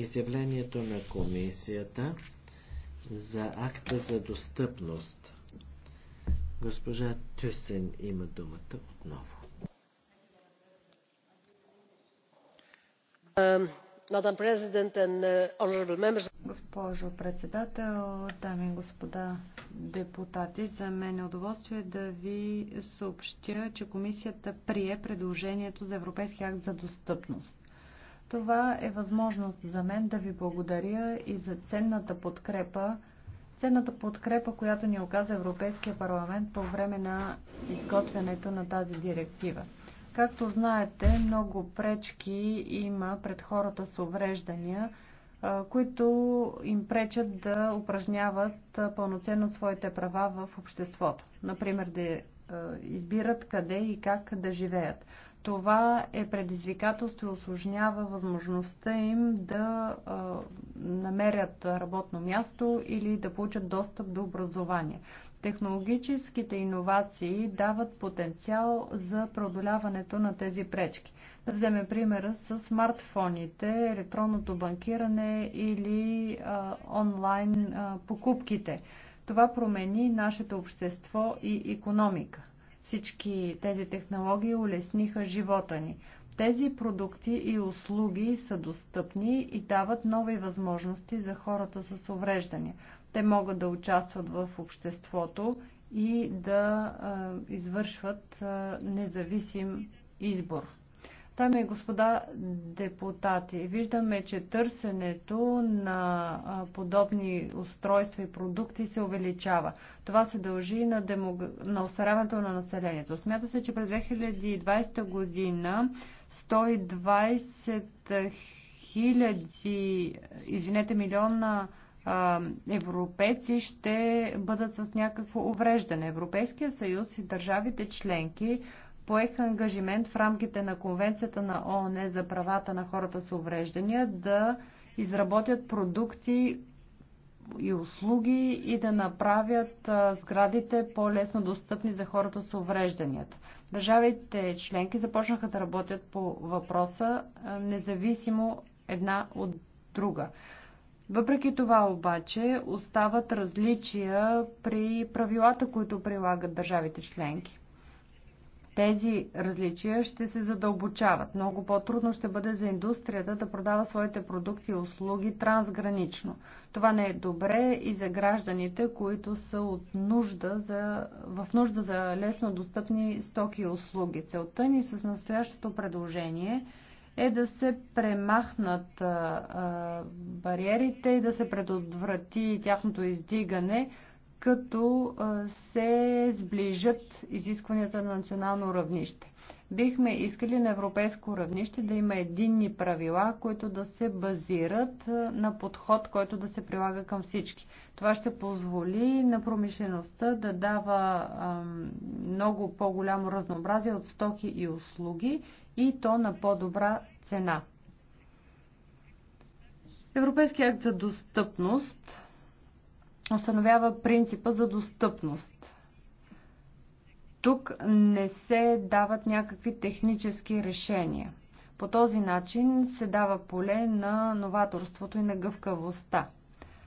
изявлението на комисията за акта за достъпност. Госпожа Тюсен има думата отново. Е, Госпожо председател, дами и господа депутати, за мен е удоволствие да ви съобщя, че комисията прие предложението за Европейски акт за достъпност. Това е възможност за мен да ви благодаря и за ценната подкрепа, ценната подкрепа, която ни оказа Европейския парламент по време на изготвянето на тази директива. Както знаете, много пречки има пред хората с увреждания, които им пречат да упражняват пълноценно своите права в обществото. Например, да избират къде и как да живеят. Това е предизвикателство и осложнява възможността им да а, намерят работно място или да получат достъп до образование. Технологическите иновации дават потенциал за преодоляването на тези пречки. Да вземем примера с смартфоните, електронното банкиране или а, онлайн а, покупките. Това промени нашето общество и економика. Всички тези технологии улесниха живота ни. Тези продукти и услуги са достъпни и дават нови възможности за хората с увреждания. Те могат да участват в обществото и да извършват независим избор. Дами и господа депутати, виждаме, че търсенето на подобни устройства и продукти се увеличава. Това се дължи на, демог... на осаряването на населението. Смята се, че през 2020 година 120 хиляди, извинете, милиона европейци ще бъдат с някакво увреждане. Европейския съюз и държавите членки поех ангажимент в рамките на Конвенцията на ООН за правата на хората с увреждания да изработят продукти и услуги и да направят сградите по-лесно достъпни за хората с уврежданията. Държавите членки започнаха да работят по въпроса независимо една от друга. Въпреки това обаче остават различия при правилата, които прилагат държавите членки. Тези различия ще се задълбочават. Много по-трудно ще бъде за индустрията да продава своите продукти и услуги трансгранично. Това не е добре и за гражданите, които са от нужда за, в нужда за лесно достъпни стоки и услуги. Целта ни с настоящото предложение е да се премахнат а, а, бариерите и да се предотврати тяхното издигане – като се сближат изискванията на национално равнище. Бихме искали на европейско равнище да има единни правила, които да се базират на подход, който да се прилага към всички. Това ще позволи на промишлеността да дава много по-голямо разнообразие от стоки и услуги и то на по-добра цена. Европейския акт за достъпност установява принципа за достъпност. Тук не се дават някакви технически решения. По този начин се дава поле на новаторството и на гъвкавостта.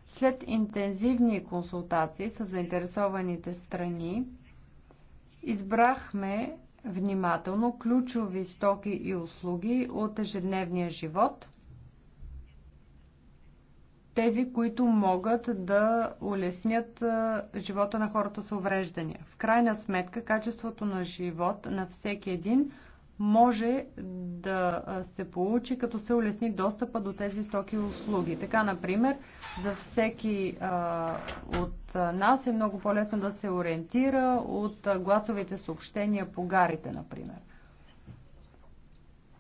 След интензивни консултации с заинтересованите страни, избрахме внимателно ключови стоки и услуги от ежедневния живот – тези, които могат да улеснят живота на хората с увреждания. В крайна сметка, качеството на живот на всеки един може да се получи, като се улесни достъпа до тези стоки и услуги. Така, например, за всеки а, от нас е много по-лесно да се ориентира от гласовите съобщения по гарите, например.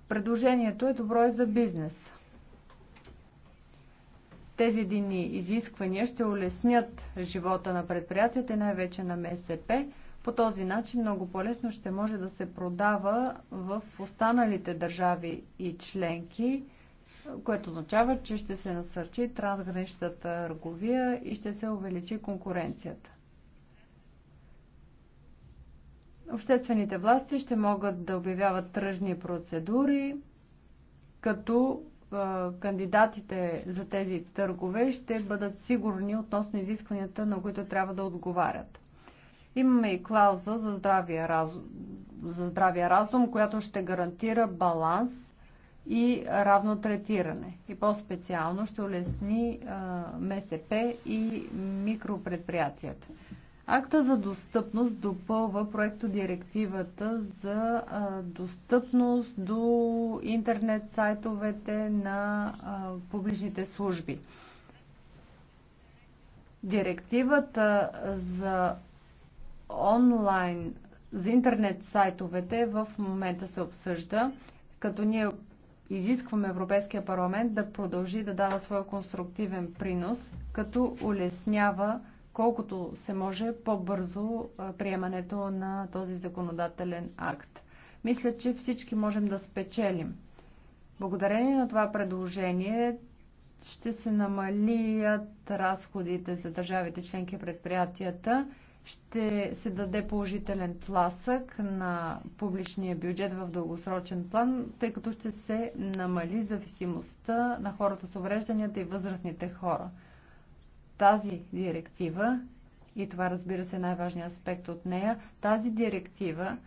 Предложението е добро и за бизнес. Тези единни изисквания ще улеснят живота на предприятията и най-вече на МСП. По този начин много по-лесно ще може да се продава в останалите държави и членки, което означава, че ще се насърчи трансграничната търговия и ще се увеличи конкуренцията. Обществените власти ще могат да обявяват тръжни процедури, като кандидатите за тези търгове ще бъдат сигурни относно изискванията, на които трябва да отговарят. Имаме и клауза за здравия разум, за здравия разум която ще гарантира баланс и равно третиране. И по-специално ще улесни МСП и микропредприятията. Акта за достъпност допълва проекто директивата за достъпност до интернет сайтовете на публичните служби. Директивата за онлайн, за интернет сайтовете в момента се обсъжда, като ние изискваме Европейския парламент да продължи да дава своя конструктивен принос, като улеснява колкото се може по-бързо приемането на този законодателен акт. Мисля, че всички можем да спечелим. Благодарение на това предложение ще се намалият разходите за държавите членки и предприятията, ще се даде положителен тласък на публичния бюджет в дългосрочен план, тъй като ще се намали зависимостта на хората с уврежданията и възрастните хора тази директива, и това разбира се е най-важният аспект от нея, тази директива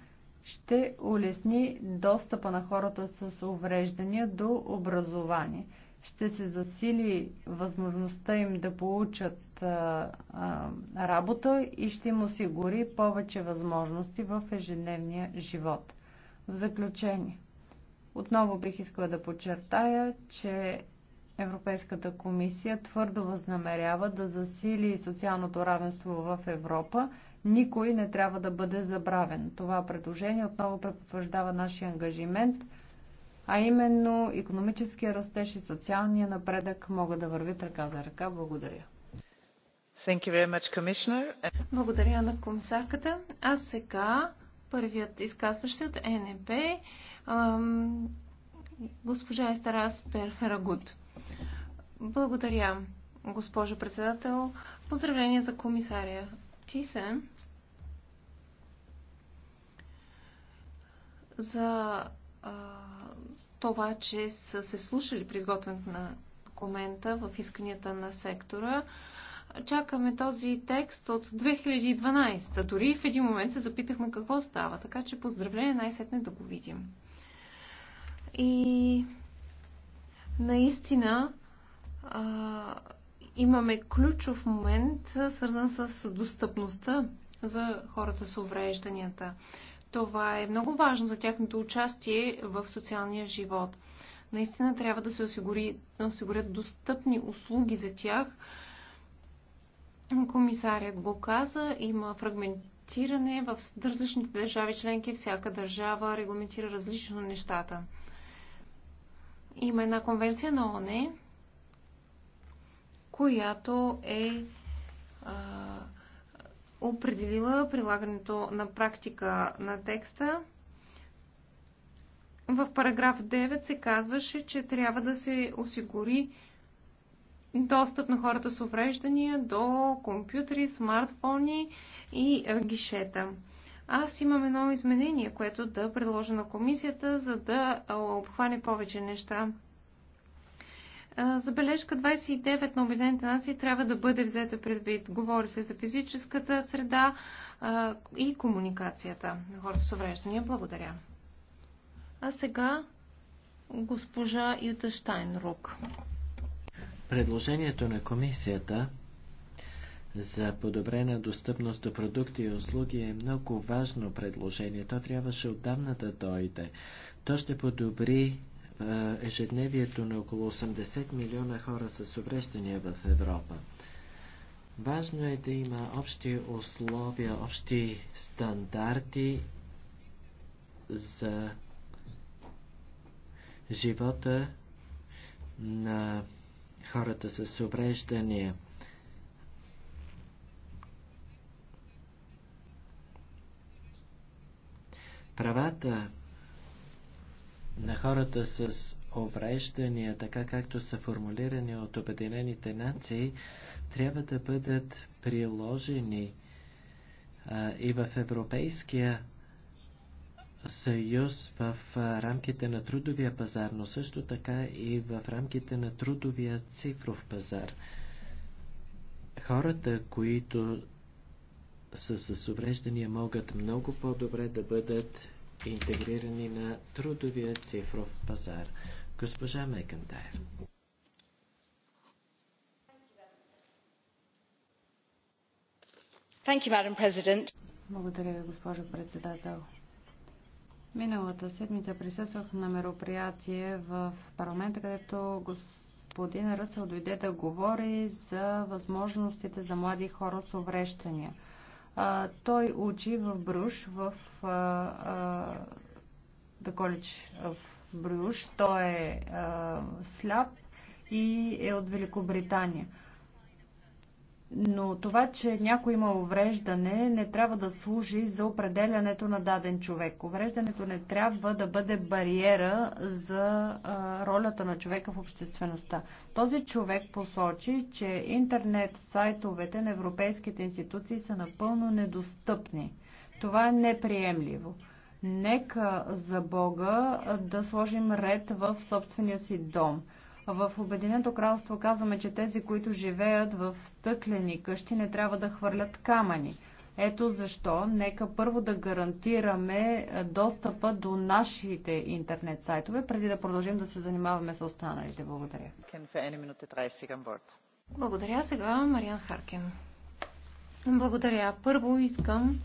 ще улесни достъпа на хората с увреждания до образование. Ще се засили възможността им да получат а, а, работа и ще им осигури повече възможности в ежедневния живот. В заключение, отново бих искала да подчертая, че Европейската комисия твърдо възнамерява да засили социалното равенство в Европа, никой не трябва да бъде забравен. Това предложение отново препотвърждава нашия ангажимент, а именно економическия растеж и социалния напредък могат да вървят ръка за ръка. Благодаря. Thank you very much, Благодаря на комисарката. А сега първият изказващ се от НП госпожа Естарас Перферагут. Благодаря, госпожо председател. Поздравление за комисаря Тисен за а, това, че са се вслушали при изготвянето на документа в исканията на сектора. Чакаме този текст от 2012. Дори в един момент се запитахме какво става, така че поздравление най-сетне да го видим. И наистина а, имаме ключов момент, свързан с достъпността за хората с уврежданията. Това е много важно за тяхното участие в социалния живот. Наистина трябва да се осигури, да осигурят достъпни услуги за тях. комисарият го каза, има фрагментиране в различните държави членки. Всяка държава регламентира различно нещата има една конвенция на ОНЕ, която е а, определила прилагането на практика на текста. В параграф 9 се казваше, че трябва да се осигури достъп на хората с увреждания до компютри, смартфони и гишета. Аз имам едно изменение, което да предложа на комисията, за да обхване повече неща. Забележка 29 на Обединените нации трябва да бъде взета предвид. Говори се за физическата среда и комуникацията на хората с увреждания. Благодаря. А сега госпожа Юта Штайнрук. Предложението на комисията за подобрена достъпност до продукти и услуги е много важно предложение. То трябваше отдавна да дойде. То ще подобри ежедневието на около 80 милиона хора с увреждания в Европа. Важно е да има общи условия, общи стандарти за живота на хората с увреждания. Правата на хората с увреждания, така както са формулирани от Обединените нации, трябва да бъдат приложени а, и в Европейския съюз в а, рамките на трудовия пазар, но също така и в рамките на трудовия цифров пазар. Хората, които с, с увреждания могат много по-добре да бъдат интегрирани на трудовия цифров пазар. Госпожа Мекентайр. Благодаря ви, госпожо председател. Миналата седмица присъствах на мероприятие в парламента, където господин Ръсъл дойде да говори за възможностите за млади хора с увреждания. А, той учи в Бруш, в а, а, The College of Бруш. Той е а, сляп и е от Великобритания. Но това, че някой има увреждане, не трябва да служи за определянето на даден човек. Увреждането не трябва да бъде бариера за а, ролята на човека в обществеността. Този човек посочи, че интернет сайтовете на европейските институции са напълно недостъпни. Това е неприемливо. Нека за Бога да сложим ред в собствения си дом. В Обединеното кралство казваме, че тези, които живеят в стъклени къщи, не трябва да хвърлят камъни. Ето защо нека първо да гарантираме е, достъпа до нашите интернет сайтове, преди да продължим да се занимаваме с останалите. Благодаря. Благодаря. Сега Мариан Харкен. Благодаря. Първо искам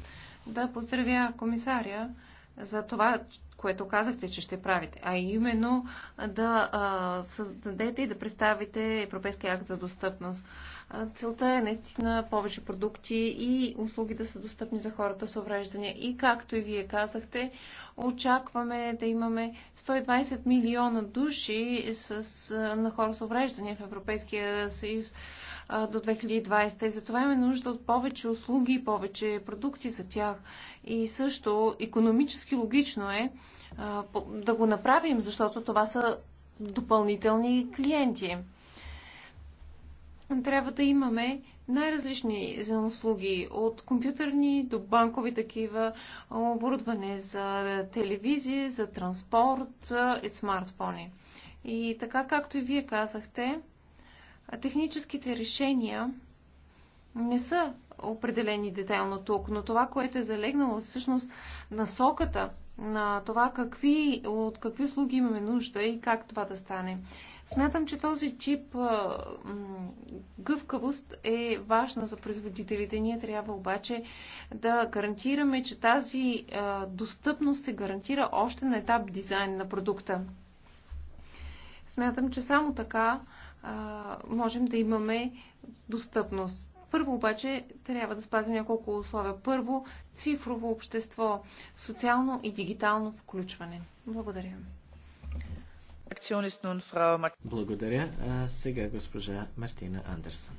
да поздравя комисаря за това, което казахте, че ще правите, а именно да създадете и да представите Европейския акт за достъпност. Целта е наистина повече продукти и услуги да са достъпни за хората с увреждания. И както и вие казахте, очакваме да имаме 120 милиона души с, на хора с увреждания в Европейския съюз до 2020 и затова имаме нужда от повече услуги и повече продукти за тях. И също економически логично е да го направим, защото това са допълнителни клиенти. Трябва да имаме най-различни услуги, от компютърни до банкови такива, оборудване за телевизия, за транспорт и смартфони. И така, както и вие казахте, техническите решения не са определени детайлно тук, но това, което е залегнало е всъщност насоката на това какви, от какви услуги имаме нужда и как това да стане. Смятам, че този тип гъвкавост е важна за производителите. Ние трябва обаче да гарантираме, че тази достъпност се гарантира още на етап дизайн на продукта. Смятам, че само така можем да имаме достъпност. Първо обаче трябва да спазим няколко условия. Първо, цифрово общество, социално и дигитално включване. Благодаря. Благодаря. А сега госпожа Мартина Андерсън.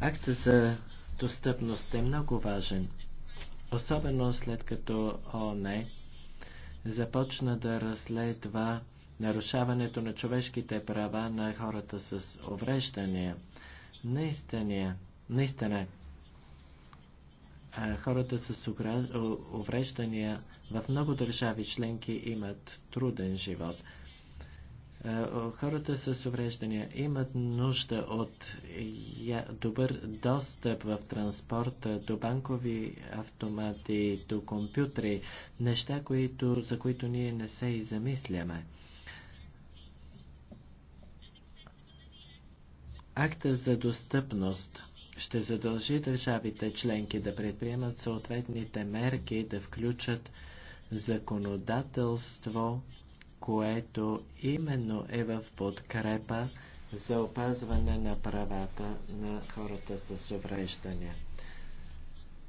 Акта за достъпност е много важен, особено след като ОНЕ започна да разследва нарушаването на човешките права на хората с увреждания. Наистина, наистина хората с увреждания в много държави членки имат труден живот. Е, хората с увреждания имат нужда от добър достъп в транспорта, до банкови автомати, до компютри, неща, които, за които ние не се и замисляме. Акта за достъпност ще задължи държавите членки да предприемат съответните мерки, да включат законодателство, което именно е в подкрепа за опазване на правата на хората с увреждания.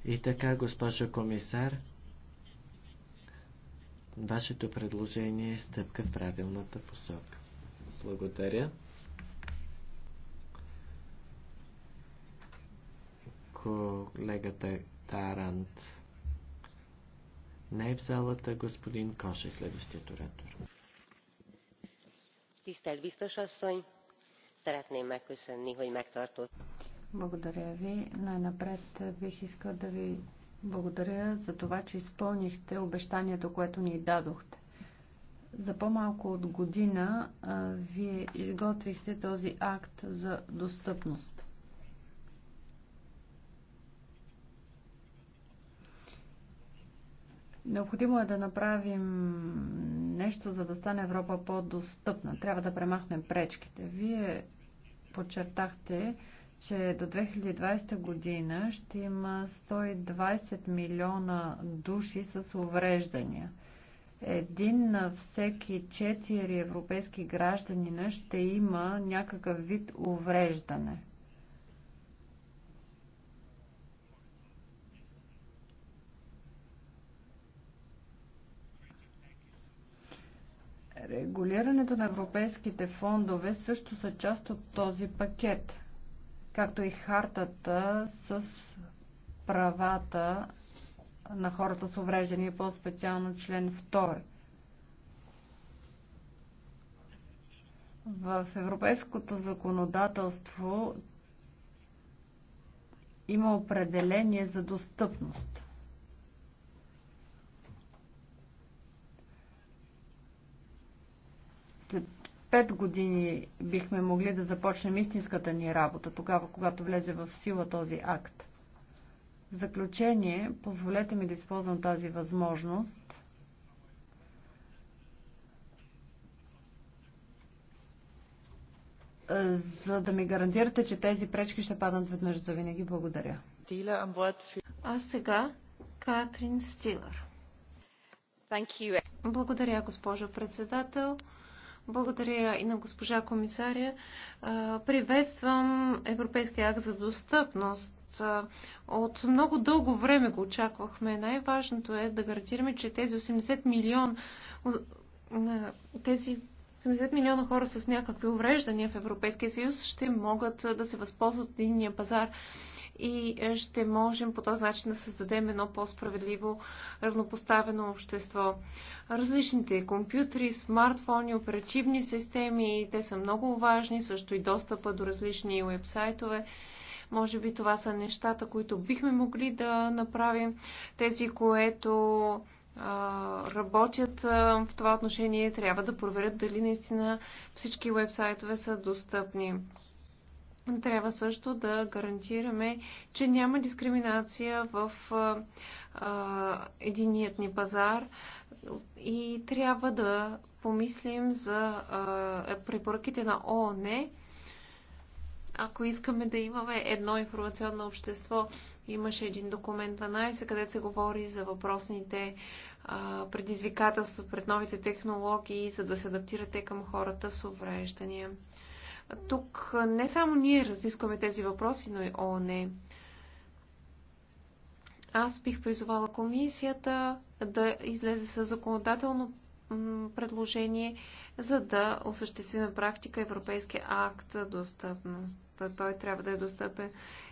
И така, госпожо комисар, вашето предложение е стъпка в правилната посока. Благодаря. Колегата Тарант. Не е в залата господин Коше, следващият оратор. Tisztelt biztos asszony, szeretném megköszönni, hogy megtartott. Благодаря ви. Най-напред бих искал да ви благодаря за това, че изпълнихте обещанието, което ни дадохте. За по-малко от година а, вие изготвихте този акт за достъпност. Необходимо е да направим нещо, за да стане Европа по-достъпна. Трябва да премахнем пречките. Вие подчертахте, че до 2020 година ще има 120 милиона души с увреждания. Един на всеки четири европейски гражданина ще има някакъв вид увреждане – Регулирането на европейските фондове също са част от този пакет, както и хартата с правата на хората с увреждания, по-специално член 2. В европейското законодателство има определение за достъпност. След пет години бихме могли да започнем истинската ни работа, тогава, когато влезе в сила този акт. В заключение, позволете ми да използвам тази възможност за да ми гарантирате, че тези пречки ще паднат веднъж за винаги. Благодаря. А сега Катрин Стилър. Благодаря, госпожо председател. Благодаря и на госпожа комисаря. Приветствам Европейския акт за достъпност. От много дълго време го очаквахме. Най-важното е да гарантираме, че тези 80 милион тези 70 милиона хора с някакви увреждания в Европейския съюз ще могат да се възползват от единния пазар и е, ще можем по този начин да създадем едно по-справедливо, равнопоставено общество. Различните компютри, смартфони, оперативни системи, те са много важни, също и достъпа до различни вебсайтове. Може би това са нещата, които бихме могли да направим. Тези, които работят в това отношение, трябва да проверят дали наистина всички вебсайтове са достъпни трябва също да гарантираме, че няма дискриминация в а, единият ни пазар и трябва да помислим за а, е, препоръките на ООН. Ако искаме да имаме едно информационно общество, имаше един документ 12, където се говори за въпросните а, предизвикателства пред новите технологии, за да се адаптират те към хората с увреждания. Тук не само ние разискваме тези въпроси, но и ООН. Аз бих призовала комисията да излезе с законодателно предложение, за да осъществи на практика Европейския акт за достъпност. Той трябва да е достъпен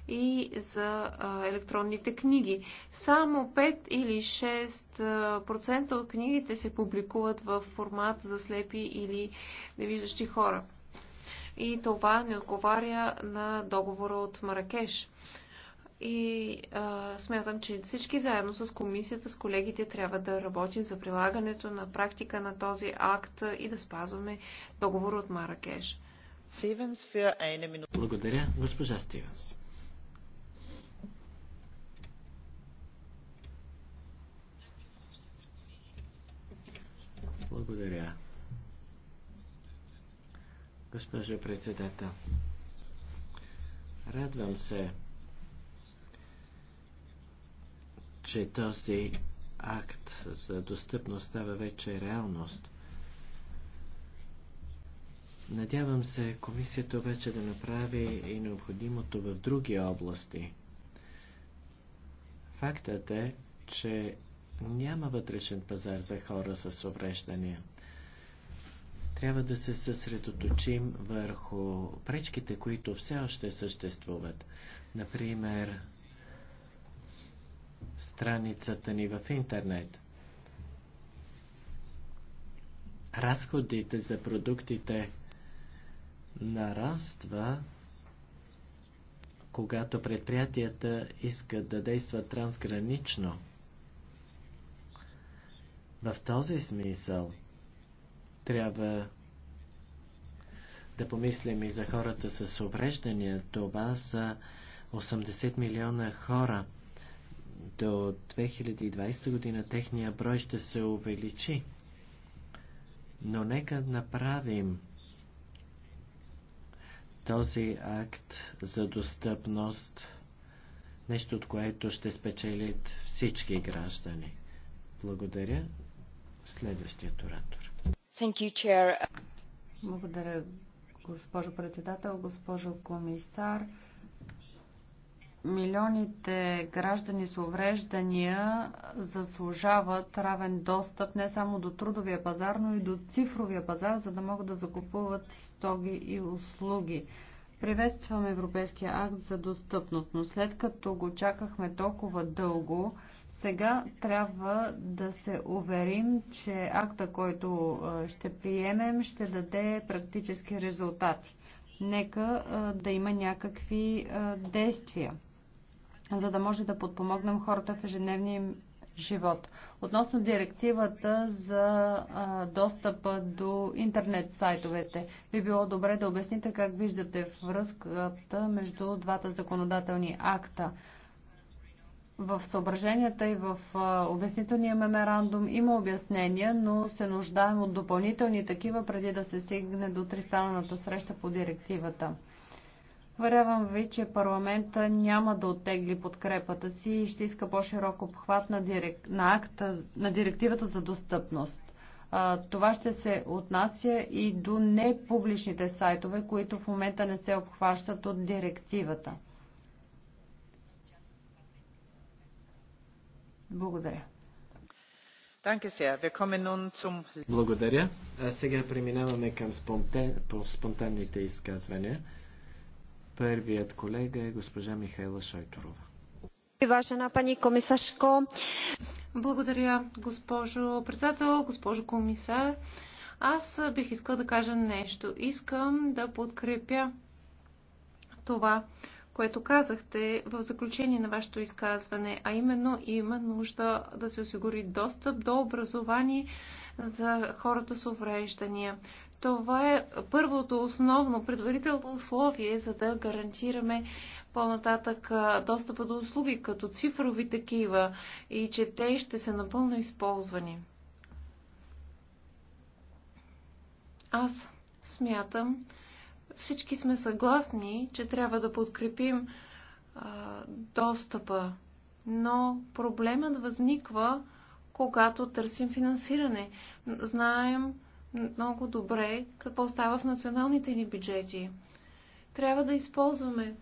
и за електронните книги. Само 5 или 6% от книгите се публикуват в формат за слепи или невиждащи хора и това не отговаря на договора от Маракеш. И а, смятам, че всички заедно с комисията, с колегите трябва да работим за прилагането на практика на този акт и да спазваме договора от Маракеш. Благодаря, госпожа Стивенс. Благодаря. Госпожо председател, радвам се, че този акт за достъпност става вече реалност. Надявам се комисията обаче да направи и необходимото в други области. Фактът е, че няма вътрешен пазар за хора с увреждания. Трябва да се съсредоточим върху пречките, които все още съществуват. Например, страницата ни в интернет. Разходите за продуктите нараства, когато предприятията искат да действат трансгранично. В този смисъл – трябва да помислим и за хората с увреждания. Това са 80 милиона хора. До 2020 година техния брой ще се увеличи. Но нека направим този акт за достъпност, нещо от което ще спечелят всички граждани. Благодаря. Следващият оратор. Благодаря, госпожо председател, госпожо комисар. Милионите граждани с увреждания заслужават равен достъп не само до трудовия пазар, но и до цифровия пазар, за да могат да закупуват стоги и услуги. Приветствам Европейския акт за достъпност, но след като го чакахме толкова дълго, сега трябва да се уверим, че акта, който ще приемем, ще даде практически резултати. Нека да има някакви действия, за да може да подпомогнем хората в ежедневния живот. Относно директивата за достъпа до интернет сайтовете, би било добре да обясните как виждате връзката между двата законодателни акта в съображенията и в обяснителния меморандум има обяснения, но се нуждаем от допълнителни такива преди да се стигне до тристранната среща по директивата. Вървам ви, че парламента няма да оттегли подкрепата си и ще иска по-широк обхват на, дирек... на, акта, на директивата за достъпност. Това ще се отнася и до непубличните сайтове, които в момента не се обхващат от директивата. Благодаря. Благодаря. А сега преминаваме към по спонтанните изказвания. Първият колега е госпожа Михайла Шойторова. пани Благодаря, госпожо председател, госпожо комисар. Аз бих искала да кажа нещо. Искам да подкрепя това, което казахте в заключение на вашето изказване, а именно има нужда да се осигури достъп до образование за хората с увреждания. Това е първото основно предварително условие, за да гарантираме по-нататък достъпа до услуги, като цифрови такива, и че те ще са напълно използвани. Аз смятам, всички сме съгласни, че трябва да подкрепим а, достъпа, но проблемът възниква, когато търсим финансиране. Знаем много добре какво става в националните ни бюджети. Трябва да използваме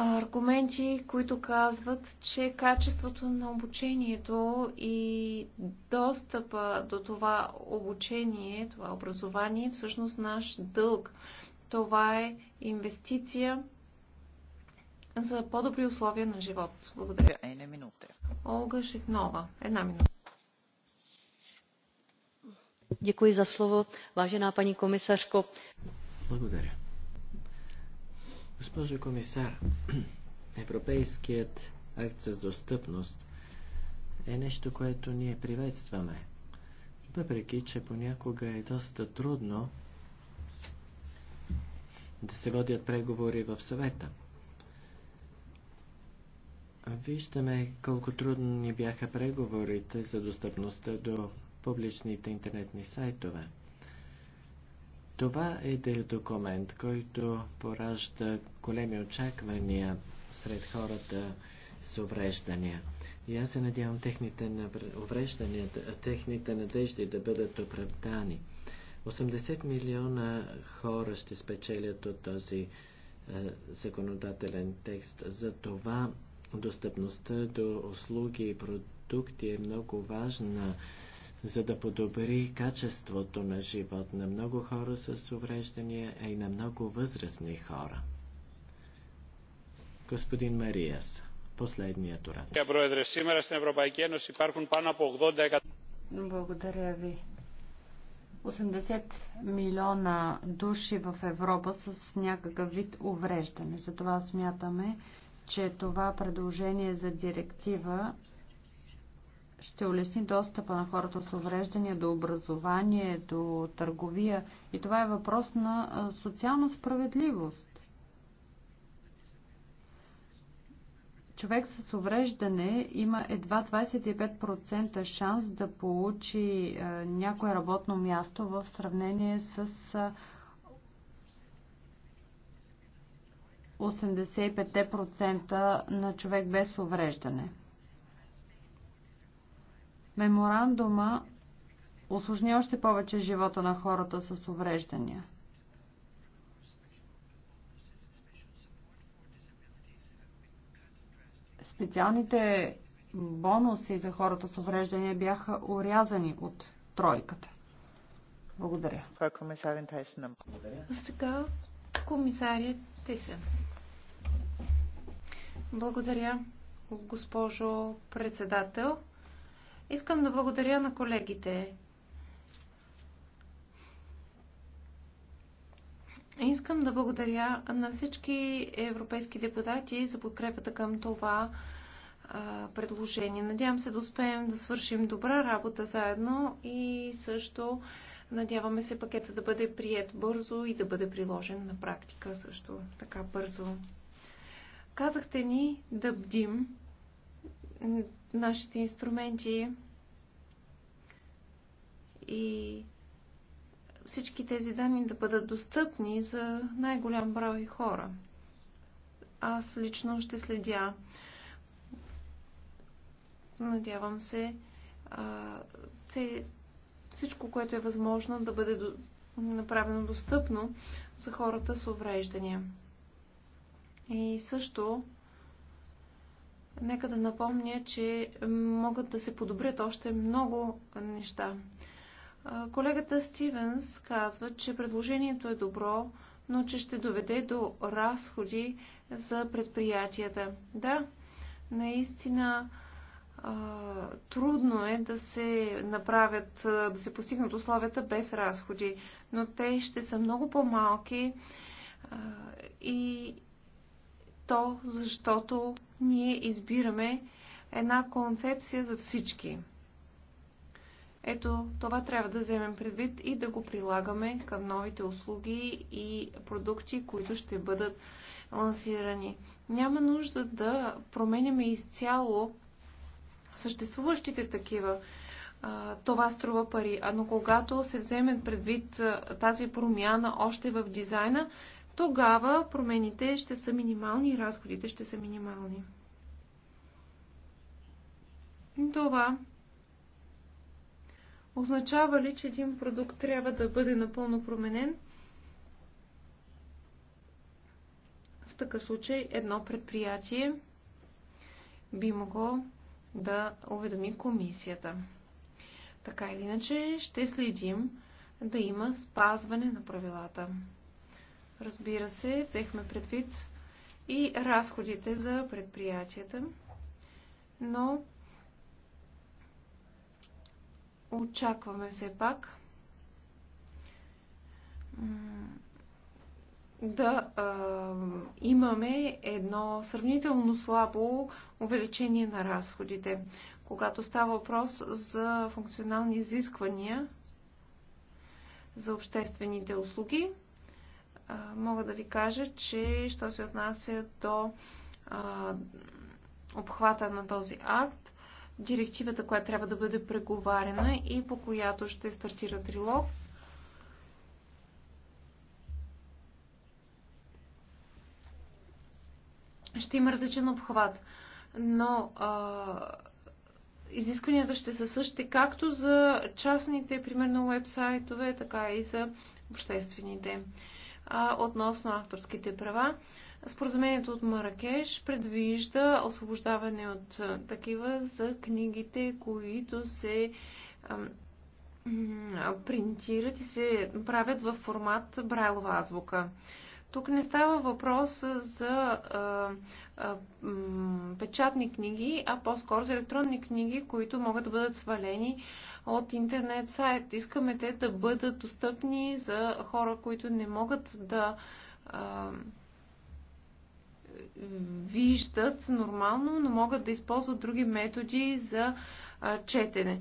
аргументи, които казват, че качеството на обучението и достъпа до това обучение, това образование е всъщност наш дълг. Това е инвестиция за по-добри условия на живот. Благодаря. Една минута. Олга Шифнова. Една минута. Děkuji za slovo, vážená paní komisařko. Благодаря. Госпожо комисар, Европейският акт с достъпност е нещо, което ние приветстваме. Въпреки, че понякога е доста трудно да се водят преговори в съвета. Виждаме колко трудни бяха преговорите за достъпността до публичните интернетни сайтове. Това е, е документ, който поражда големи очаквания сред хората с увреждания. И аз се надявам техните увреждания, техните надежди да бъдат оправдани. 80 милиона хора ще спечелят от този е, законодателен текст. Затова достъпността до услуги и продукти е много важна за да подобри качеството на живот на много хора с увреждания, а и на много възрастни хора. Господин Мариас, последният оратор. Благодаря ви. 80 милиона души в Европа с някакъв вид увреждане. Затова смятаме, че това предложение за директива ще улесни достъпа на хората с увреждания до образование, до търговия. И това е въпрос на социална справедливост. Човек с увреждане има едва 25% шанс да получи някое работно място в сравнение с 85% на човек без увреждане. Меморандума осложни още повече живота на хората с увреждания. Специалните бонуси за хората с увреждания бяха урязани от тройката. Благодаря. Сега комисарят Тисен. Благодаря, госпожо председател. Искам да благодаря на колегите. Искам да благодаря на всички европейски депутати за подкрепата към това а, предложение. Надявам се да успеем да свършим добра работа заедно и също надяваме се пакета да бъде прият бързо и да бъде приложен на практика също така бързо. Казахте ни да бдим нашите инструменти и всички тези данни да бъдат достъпни за най-голям брой хора. Аз лично ще следя. Надявам се всичко, което е възможно да бъде направено достъпно за хората с увреждания. И също Нека да напомня, че могат да се подобрят още много неща. Колегата Стивенс казва, че предложението е добро, но че ще доведе до разходи за предприятията. Да, наистина трудно е да се направят, да се постигнат условията без разходи, но те ще са много по-малки и то защото ние избираме една концепция за всички. Ето, това трябва да вземем предвид и да го прилагаме към новите услуги и продукти, които ще бъдат лансирани. Няма нужда да променяме изцяло съществуващите такива. Това струва пари. А но когато се вземе предвид тази промяна още в дизайна, тогава промените ще са минимални и разходите ще са минимални. Това означава ли, че един продукт трябва да бъде напълно променен? В такъв случай едно предприятие би могло да уведоми комисията. Така или иначе ще следим да има спазване на правилата разбира се, взехме предвид и разходите за предприятията, но очакваме все пак да а, имаме едно сравнително слабо увеличение на разходите. Когато става въпрос за функционални изисквания за обществените услуги, мога да ви кажа, че що се отнася до а, обхвата на този акт, директивата, която трябва да бъде преговарена и по която ще стартира трилог, ще има различен обхват. Но а, изискванията ще са същи, както за частните, примерно, вебсайтове, така и за обществените а, относно авторските права. Споразумението от Маракеш предвижда освобождаване от а, такива за книгите, които се а, принтират и се правят в формат Брайлова азбука. Тук не става въпрос за а, а, печатни книги, а по-скоро за електронни книги, които могат да бъдат свалени от интернет сайт. Искаме те да бъдат достъпни за хора, които не могат да а, виждат нормално, но могат да използват други методи за четене.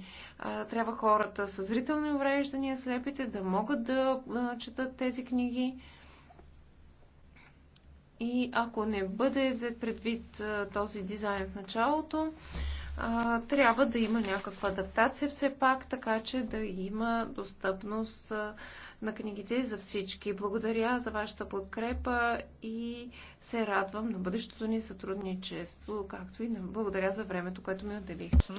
Трябва хората с зрителни увреждания, слепите, да могат да четат тези книги. И ако не бъде взет предвид този дизайн в началото, трябва да има някаква адаптация все пак, така че да има достъпност на книгите за всички. Благодаря за вашата подкрепа и се радвам на бъдещото ни сътрудничество, както и на благодаря за времето, което ми отделихте.